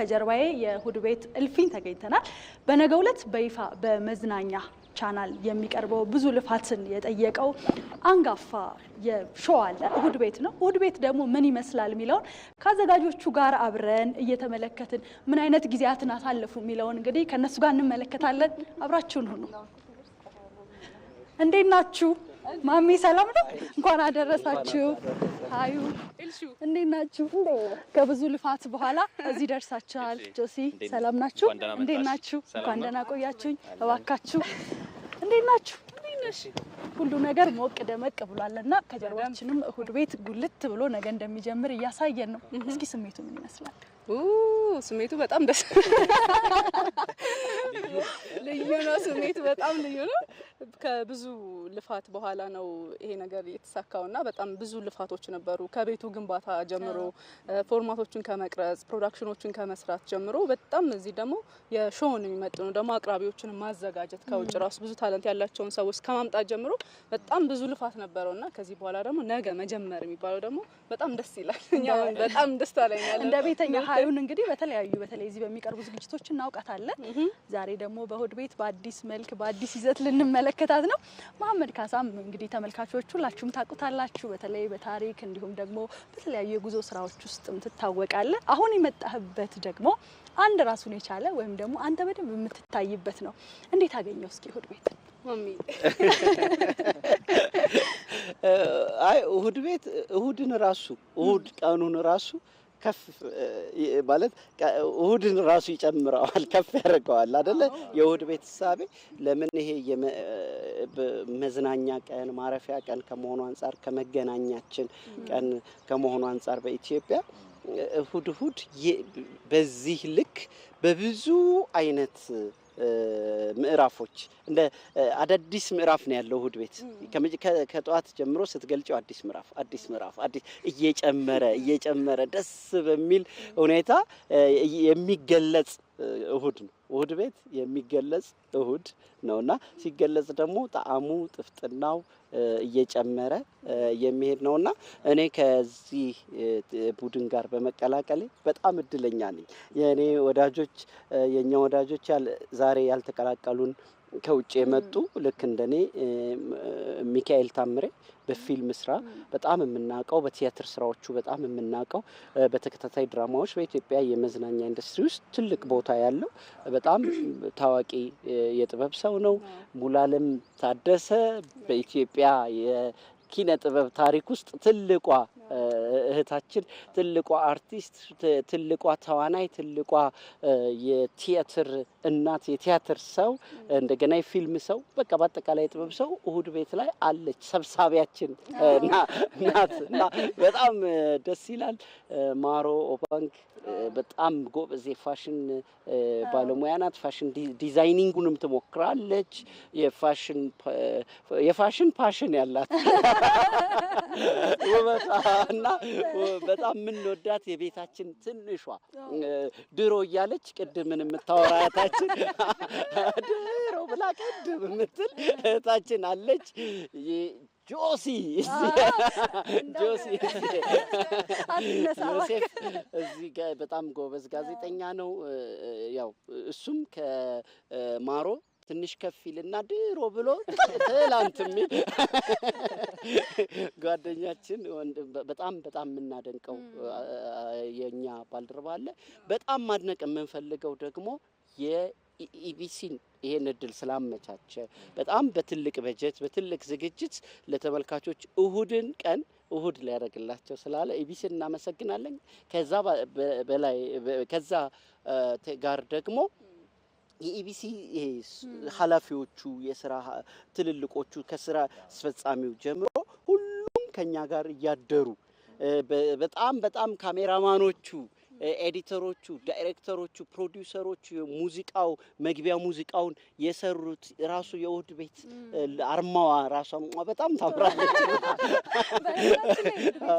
ከጀርባዬ የእሁድ ቤት እልፍኝ ተገኝተናል። በነገው ዕለት በይፋ በመዝናኛ ቻናል የሚቀርበው ብዙ ልፋትን የጠየቀው አንጋፋ የሾው አለ እሁድ ቤት ነው። እሁድ ቤት ደግሞ ምን ይመስላል የሚለውን ከአዘጋጆቹ ጋር አብረን እየተመለከትን ምን አይነት ጊዜያትን አሳለፉ የሚለውን እንግዲህ ከእነሱ ጋር እንመለከታለን። አብራችሁን ሁኑ። እንዴት ናችሁ? ማሚ ሰላም ነው? እንኳን አደረሳችሁ። አዩ እንዴት ናችሁ? ከብዙ ልፋት በኋላ እዚህ ደርሳችኋል። ጆሲ ሰላም ናችሁ? እንዴት ናችሁ? እንኳን ደህና ቆያችሁኝ። እባካችሁ እንዴት ናችሁ? ሁሉ ነገር ሞቅ ደመቅ ብሏል እና ከጀርባችንም እሁድ ቤት ጉልት ብሎ ነገ እንደሚጀምር እያሳየን ነው። እስኪ ስሜቱ ምን ይመስላል? ስሜቱ በጣም ደስ ልዩ ነው። ስሜቱ በጣም ልዩ ነው። ከብዙ ልፋት በኋላ ነው ይሄ ነገር የተሳካውና በጣም ብዙ ልፋቶች ነበሩ። ከቤቱ ግንባታ ጀምሮ ፎርማቶችን ከመቅረጽ ፕሮዳክሽኖችን ከመስራት ጀምሮ በጣም እዚህ ደግሞ የሾውን ነው ደግሞ አቅራቢዎችን ማዘጋጀት ከውጭ ራሱ ብዙ ታለንት ያላቸውን ሰዎች ከማምጣት ጀምሮ በጣም ብዙ ልፋት ነበረውና ከዚህ በኋላ ደግሞ ነገ መጀመር የሚባለው ደግሞ በጣም ደስ ይላል። በጣም ደስ ላይ ያለ እንደ ቤተኛ ሀዩን እንግዲህ በተለያዩ በተለይ እዚህ በሚቀርቡ ዝግጅቶች እናውቃታለን። ዛሬ ደግሞ በእሁድ ቤት በአዲስ መልክ በአዲስ ይዘት ልንመለከታት ነው። መሐመድ ካሳም እንግዲህ ተመልካቾች ሁላችሁም ታውቁታላችሁ። በተለይ በታሪክ እንዲሁም ደግሞ በተለያዩ የጉዞ ስራዎች ውስጥም ትታወቃለ። አሁን የመጣህበት ደግሞ አንድ ራሱን የቻለ ወይም ደግሞ አንተ በደንብ የምትታይበት ነው። እንዴት አገኘው? እስኪ እሁድ ቤት አይ እሁድ ቤት እሁድን ራሱ እሁድ ቀኑን ራሱ ከፍ ማለት እሁድን ራሱ ይጨምረዋል፣ ከፍ ያደርገዋል አደለ? የእሁድ ቤት ለምን ይሄ መዝናኛ ቀን ማረፊያ ቀን ከመሆኑ አንጻር ከመገናኛችን ቀን ከመሆኑ አንጻር በኢትዮጵያ እሁድ እሁድ በዚህ ልክ በብዙ አይነት ምዕራፎች እንደ አዳዲስ ምዕራፍ ነው ያለው። እሁድ ቤት ከጠዋት ጀምሮ ስትገልጨው አዲስ ምዕራፍ አዲስ ምዕራፍ አዲስ እየጨመረ እየጨመረ ደስ በሚል ሁኔታ የሚገለጽ እሁድ ነው። እሁድ ቤት የሚገለጽ እሁድ እና ሲገለጽ ደግሞ ጣዕሙ ጥፍጥናው እየጨመረ የሚሄድ ነው እና እኔ ከዚህ ቡድን ጋር በመቀላቀሌ በጣም እድለኛ ነኝ። የእኔ ወዳጆች የእኛ ወዳጆች ዛሬ ያልተቀላቀሉን ከውጭ የመጡ ልክ እንደኔ ሚካኤል ታምሬ በፊልም ስራ በጣም የምናውቀው፣ በቲያትር ስራዎቹ በጣም የምናውቀው፣ በተከታታይ ድራማዎች በኢትዮጵያ የመዝናኛ ኢንዱስትሪ ውስጥ ትልቅ ቦታ ያለው በጣም ታዋቂ የጥበብ ሰው ነው። ሙሉዓለም ታደሰ በኢትዮጵያ የኪነ ጥበብ ታሪክ ውስጥ ትልቋ እህታችን ትልቋ አርቲስት፣ ትልቋ ተዋናይ፣ ትልቋ የቲያትር እናት፣ የቲያትር ሰው፣ እንደገና የፊልም ሰው፣ በቃ በአጠቃላይ ጥበብ ሰው እሁድ ቤት ላይ አለች። ሰብሳቢያችን ናት እና በጣም ደስ ይላል። ማሮ ኦባንክ በጣም ጎበዝ የፋሽን ባለሙያ ናት። ፋሽን ዲዛይኒንጉንም ትሞክራለች። የፋሽን ፓሽን ያላት ውበቷና በጣም የምንወዳት የቤታችን ትንሿ ድሮ እያለች ቅድምን የምታወራ እህታችን ድሮ ብላ ቅድም የምትል እህታችን አለች። ጆሲ ጆሲ ዮሴፍ እዚህ በጣም ጎበዝ ጋዜጠኛ ነው። ያው እሱም ከማሮ ትንሽ ከፍ ይልና ድሮ ብሎ ትላንት የሚል ጓደኛችን በጣም በጣም የምናደንቀው የእኛ ባልደረባ አለ። በጣም ማድነቅ የምንፈልገው ደግሞ የኢቢሲን ይሄን እድል ስላመቻቸ በጣም በትልቅ በጀት በትልቅ ዝግጅት ለተመልካቾች እሁድን ቀን እሁድ ሊያደርግላቸው ስላለ ኢቢሲን እናመሰግናለን። ከዛ በላይ ከዛ ጋር ደግሞ የኢቢሲ ኃላፊዎቹ የስራ ትልልቆቹ ከስራ አስፈጻሚው ጀምሮ ሁሉም ከኛ ጋር እያደሩ በጣም በጣም ካሜራማኖቹ ኤዲተሮቹ፣ ዳይሬክተሮቹ፣ ፕሮዲውሰሮቹ ሙዚቃው መግቢያ ሙዚቃውን የሰሩት ራሱ የውድ ቤት አርማዋ ራሷ በጣም ታምራለች።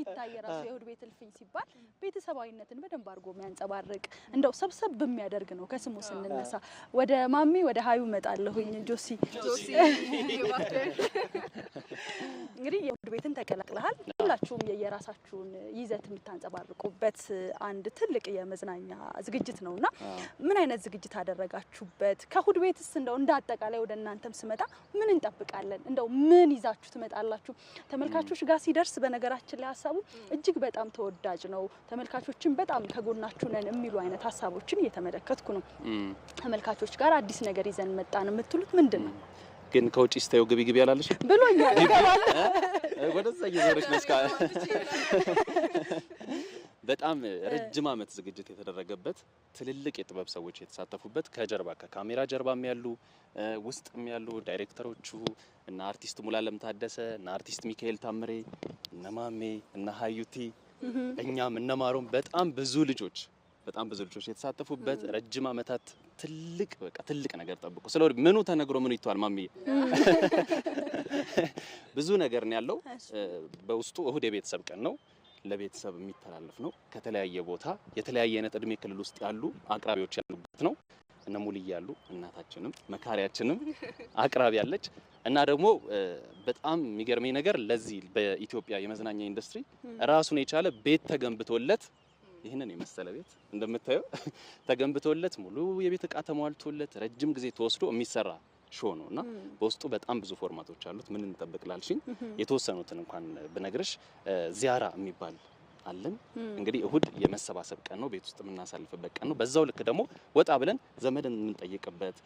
ሲታይ ራሱ የእሑድ ቤት እልፍኝ ሲባል ቤተሰባዊነትን በደንብ አድርጎ የሚያንጸባርቅ እንደው ሰብሰብ በሚያደርግ ነው። ከስሙ ስንነሳ ወደ ማሚ ወደ ሀዩ እመጣለሁኝ ጆሲ እንግዲህ የውድ ቤትን ተቀላቅለሃል። ሁላችሁም የየራሳችሁን ይዘት የምታንጸባርቁበት አንድ ትልቅ የመዝናኛ ዝግጅት ነው እና ምን አይነት ዝግጅት አደረጋችሁበት? ከእሁድ ቤትስ እንደው እንደ አጠቃላይ ወደ እናንተም ስመጣ ምን እንጠብቃለን? እንደው ምን ይዛችሁ ትመጣላችሁ? ተመልካቾች ጋር ሲደርስ በነገራችን ላይ ሀሳቡ እጅግ በጣም ተወዳጅ ነው። ተመልካቾችን በጣም ከጎናችሁ ነን የሚሉ አይነት ሀሳቦችን እየተመለከትኩ ነው። ተመልካቾች ጋር አዲስ ነገር ይዘን መጣን የምትሉት ምንድን ነው? ግን ከውጭ ስታየው ግቢ ግቢ ያላለሽ ብሎኛል። ወደዛ እየዞረች ነው። እስካ በጣም ረጅም አመት ዝግጅት የተደረገበት ትልልቅ የጥበብ ሰዎች የተሳተፉበት ከጀርባ ከካሜራ ጀርባም ያሉ ውስጥም ያሉ ዳይሬክተሮቹ እና አርቲስት ሙላለም ታደሰ እና አርቲስት ሚካኤል ታምሬ እና ማሜ እና ሀዩቲ እኛም እነ ማሮም በጣም ብዙ ልጆች በጣም ብዙ ልጆች የተሳተፉበት ረጅም አመታት ትልቅ በቃ ትልቅ ነገር ጠብቁ። ስለ ወድቅ ምኑ ተነግሮ ምኑ ይተዋል። ማምዬ ብዙ ነገር ነው ያለው በውስጡ። እሁድ የቤተሰብ ቀን ነው፣ ለቤተሰብ የሚተላለፍ ነው። ከተለያየ ቦታ የተለያየ አይነት እድሜ ክልል ውስጥ ያሉ አቅራቢዎች ያሉበት ነው። እነ ሙልዬ ያሉ እናታችንም መካሪያችንም አቅራቢ ያለች እና ደግሞ በጣም የሚገርመኝ ነገር ለዚህ በኢትዮጵያ የመዝናኛ ኢንዱስትሪ ራሱን የቻለ ቤት ተገንብቶለት ይህንን የመሰለ ቤት እንደምታየው ተገንብቶለት ሙሉ የቤት እቃ ተሟልቶለት ረጅም ጊዜ ተወስዶ የሚሰራ ሾ ነው እና በውስጡ በጣም ብዙ ፎርማቶች አሉት። ምን እንጠብቅ ላልሽኝ የተወሰኑትን እንኳን ብነግርሽ ዚያራ የሚባል አለን። እንግዲህ እሁድ የመሰባሰብ ቀን ነው፣ ቤት ውስጥ የምናሳልፍበት ቀን ነው። በዛው ልክ ደግሞ ወጣ ብለን ዘመድን የምንጠይቅበት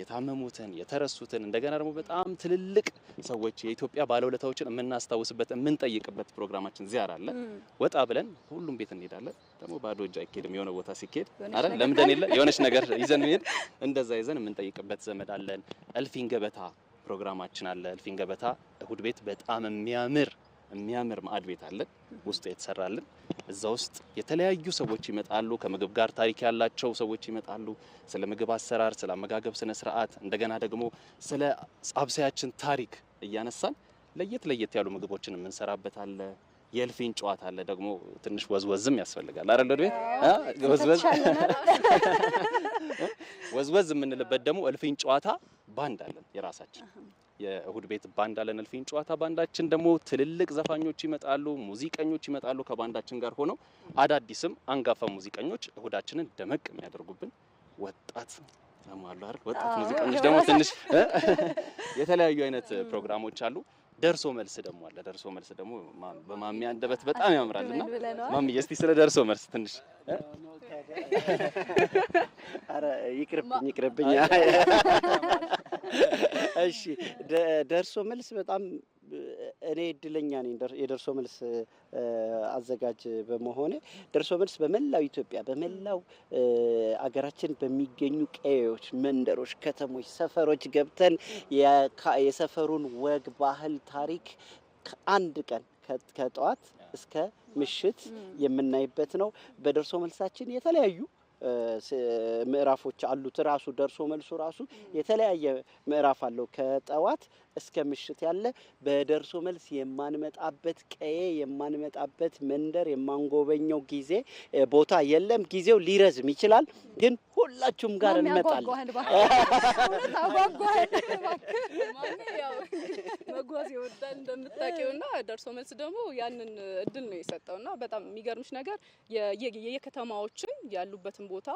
የታመሙትን፣ የተረሱትን እንደገና ደግሞ በጣም ትልልቅ ሰዎች የኢትዮጵያ ባለውለታዎችን የምናስታውስበት የምንጠይቅበት ፕሮግራማችን ዚያራ አለ። ወጣ ብለን ሁሉም ቤት እንሄዳለን። ደግሞ ባዶ እጅ አይኬድም። የሆነ ቦታ ሲኬድ አረ ለምደን የለ የሆነች ነገር ይዘን ሄድ እንደዛ ይዘን የምንጠይቅበት ዘመድ አለን። እልፍኝ ገበታ ፕሮግራማችን አለ። እልፍኝ ገበታ እሁድ ቤት በጣም የሚያምር የሚያምር ማዕድ ቤት አለን፣ ውስጥ የተሰራልን። እዛ ውስጥ የተለያዩ ሰዎች ይመጣሉ። ከምግብ ጋር ታሪክ ያላቸው ሰዎች ይመጣሉ። ስለ ምግብ አሰራር፣ ስለ አመጋገብ ስነ ስርዓት፣ እንደገና ደግሞ ስለ አብሳያችን ታሪክ እያነሳን ለየት ለየት ያሉ ምግቦችን የምንሰራበት አለ። የእልፍኝ ጨዋታ አለ። ደግሞ ትንሽ ወዝወዝም ያስፈልጋል አይደል? ወድ ቤት ወዝወዝ ወዝወዝ የምንልበት ደግሞ እልፍኝ ጨዋታ ባንድ አለን የራሳችን የእሁድ ቤት ባንድ አለን እልፍኝ ጨዋታ ባንዳችን ደግሞ ትልልቅ ዘፋኞች ይመጣሉ፣ ሙዚቀኞች ይመጣሉ። ከባንዳችን ጋር ሆነው አዳዲስም አንጋፋ ሙዚቀኞች እሁዳችንን ደመቅ የሚያደርጉብን ወጣት ተማሉ አይደል? ወጣት ሙዚቀኞች ደግሞ ትንሽ የተለያዩ አይነት ፕሮግራሞች አሉ። ደርሶ መልስ ደግሞ አለ። ደርሶ መልስ ደግሞ በማሚ አንደበት በጣም ያምራልና ማሚ እስቲ ስለ ደርሶ መልስ ትንሽ አረ ይቅርብኝ ይቅርብኝ እሺ ደርሶ መልስ በጣም እኔ እድለኛ ነኝ። የደርሶ መልስ አዘጋጅ በመሆኔ ደርሶ መልስ በመላው ኢትዮጵያ በመላው አገራችን በሚገኙ ቀዬዎች፣ መንደሮች፣ ከተሞች፣ ሰፈሮች ገብተን የሰፈሩን ወግ፣ ባህል፣ ታሪክ አንድ ቀን ከጠዋት እስከ ምሽት የምናይበት ነው። በደርሶ መልሳችን የተለያዩ ምዕራፎች አሉት። ራሱ ደርሶ መልሱ ራሱ የተለያየ ምዕራፍ አለው። ከጠዋት እስከ ምሽት ያለ በደርሶ መልስ የማንመጣበት ቀዬ የማንመጣበት መንደር የማንጎበኘው ጊዜ ቦታ የለም። ጊዜው ሊረዝም ይችላል፣ ግን ሁላችሁም ጋር እንመጣለን። መጓዝ ይወዳል እንደምታውቂውና ደርሶ መልስ ደግሞ ያንን እድል ነው የሰጠውና በጣም የሚገርምሽ ነገር የከተማዎችን ያሉበትን ቦታ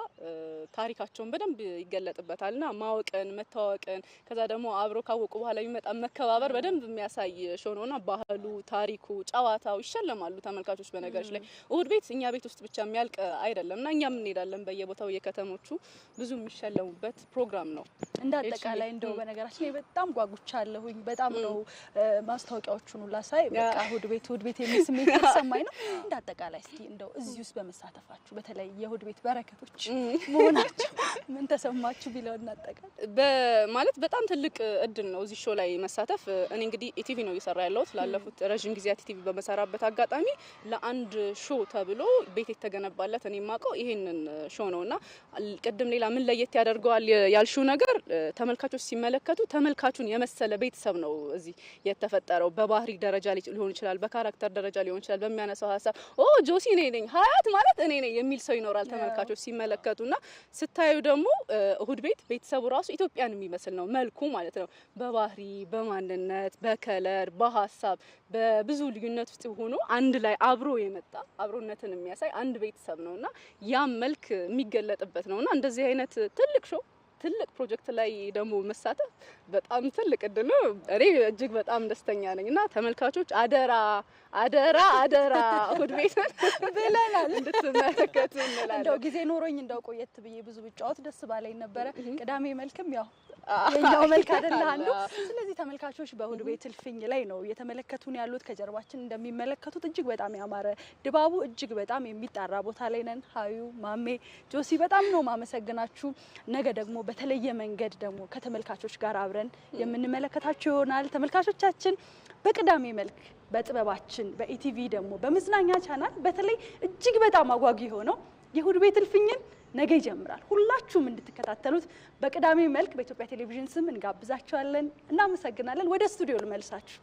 ታሪካቸውን በደንብ ይገለጥበታል እና ማወቅን፣ መታወቅን ከዛ ደግሞ አብሮ ካወቁ በኋላ የሚመጣ መከባበር በደንብ የሚያሳይ ሾ ነው እና ባህሉ፣ ታሪኩ፣ ጨዋታው ይሸለማሉ ተመልካቾች። በነገሮች ላይ እሁድ ቤት እኛ ቤት ውስጥ ብቻ የሚያልቅ አይደለም እና እኛም እንሄዳለን በየቦታው የከተሞቹ ብዙ የሚሸለሙበት ፕሮግራም ነው። እንደ አጠቃላይ እንደው በነገራችን ላይ በጣም ጓጉቻለሁኝ። በጣም ነው ማስታወቂያዎቹን ሁላ ሳይ በቃ እሁድ ቤት እሁድ ቤት የሚል ስሜት የተሰማኝ ነው። እንደ አጠቃላይ እስኪ እንደው እዚህ ውስጥ በመሳተፋችሁ በተለይ የእሑድ ቤት በረከቶች መሆናቸው ምን ተሰማችሁ ቢለው እናጠቃል። ማለት በጣም ትልቅ እድል ነው እዚህ ሾው ላይ መሳተፍ። እኔ እንግዲህ ኢቲቪ ነው እየሰራ ያለሁት ላለፉት ረዥም ጊዜያት ኢቲቪ በመሰራበት አጋጣሚ ለአንድ ሾ ተብሎ ቤት የተገነባለት እኔ የማውቀው ይሄንን ሾው ነው እና ቅድም ሌላ ምን ለየት ያደርገዋል ያልሽው ነገር ተመልካቾች ሲመለከቱ ተመልካቹን የመሰለ ቤተሰብ ነው እዚህ የተፈጠረው። በባህሪ ደረጃ ሊሆን ይችላል፣ በካራክተር ደረጃ ሊሆን ይችላል። በሚያነሳው ሀሳብ ኦ ጆሲ እኔ ነኝ ሀያት ማለት እኔ ነኝ የሚል ሰው ይኖራል። ተመልካቾች ሲመለከቱና ስታዩ ደግሞ እሁድ ቤት ቤተሰቡ ራሱ ኢትዮጵያን የሚመስል ነው መልኩ ማለት ነው። በባህሪ በማንነት በከለር በሀሳብ በብዙ ልዩነት ውስጥ ሆኖ አንድ ላይ አብሮ የመጣ አብሮነትን የሚያሳይ አንድ ቤተሰብ እና ያም መልክ የሚገለጥበት ነውና እንደዚህ አይነት ትልቅ ሾው ትልቅ ፕሮጀክት ላይ ደግሞ መሳተፍ በጣም ትልቅ እድል ነው። እኔ እጅግ በጣም ደስተኛ ነኝ እና ተመልካቾች አደራ አደራ አደራ እሑድ ቤትን ብለናል እንድትመለከቱ እንላለን። እንደው ጊዜ ኖሮኝ እንደው ቆየት ብዬ ብዙ ብጫወት ደስ ባለኝ ነበረ። ቅዳሜ መልክም ያው የኛው መልክ አይደለ አንዱ። ስለዚህ ተመልካቾች በእሑድ ቤት እልፍኝ ላይ ነው እየተመለከቱን ያሉት። ከጀርባችን እንደሚመለከቱት እጅግ በጣም ያማረ ድባቡ እጅግ በጣም የሚጣራ ቦታ ላይ ነን። ሀዩ ማሜ ጆሲ በጣም ነው ማመሰግናችሁ። ነገ ደግሞ በተለየ መንገድ ደግሞ ከተመልካቾች ጋር አብረን የምንመለከታቸው ይሆናል። ተመልካቾቻችን በቅዳሜ መልክ በጥበባችን በኢቲቪ ደግሞ በመዝናኛ ቻናል በተለይ እጅግ በጣም አጓጊ የሆነው የእሁድ ቤት እልፍኝን ነገ ይጀምራል። ሁላችሁም እንድትከታተሉት በቅዳሜ መልክ በኢትዮጵያ ቴሌቪዥን ስም እንጋብዛችኋለን። እናመሰግናለን። ወደ ስቱዲዮ ልመልሳችሁ።